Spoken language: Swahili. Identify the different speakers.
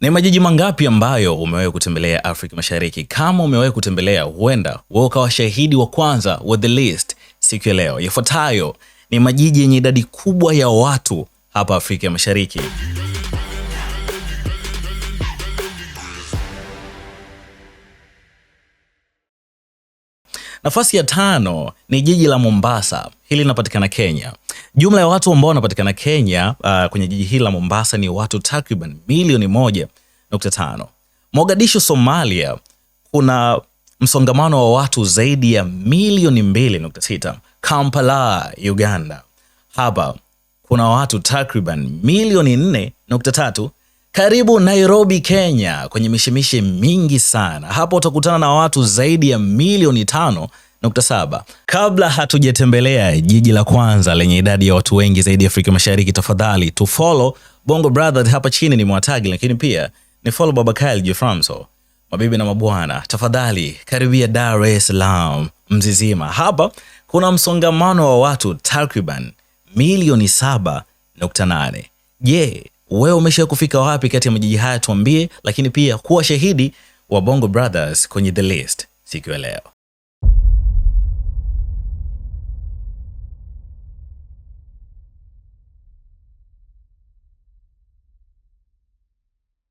Speaker 1: Ni majiji mangapi ambayo umewahi kutembelea Afrika Mashariki? Kama umewahi kutembelea, huenda wewe ukawa shahidi wa kwanza wa The List siku ya leo. Yafuatayo ni majiji yenye idadi kubwa ya watu hapa Afrika Mashariki. Nafasi ya tano ni jiji la Mombasa. Hili linapatikana Kenya. Jumla ya watu ambao wanapatikana Kenya uh, kwenye jiji hili la Mombasa ni watu takriban milioni moja nukta tano. Mogadishu, Somalia, kuna msongamano wa watu zaidi ya milioni mbili nukta sita. Kampala, Uganda, hapa kuna watu takriban milioni nne nukta tatu. Karibu Nairobi, Kenya, kwenye mishemishe mingi sana, hapo utakutana na watu zaidi ya milioni tano nukta saba. Kabla hatujatembelea jiji la kwanza lenye idadi ya watu wengi zaidi Afrika Mashariki, tafadhali tu follow Bongo Brothers hapa chini, ni mwatagi lakini pia ni follow Baba Kyle Jeframso. Mabibi na mabwana, tafadhali karibia Dar es Salaam Mzizima. Hapa kuna msongamano wa watu takriban milioni saba nukta nane. Je, wewe umesha kufika wapi kati ya majiji haya? Tuambie, lakini pia kuwa shahidi wa Bongo Brothers kwenye the list siku ya leo.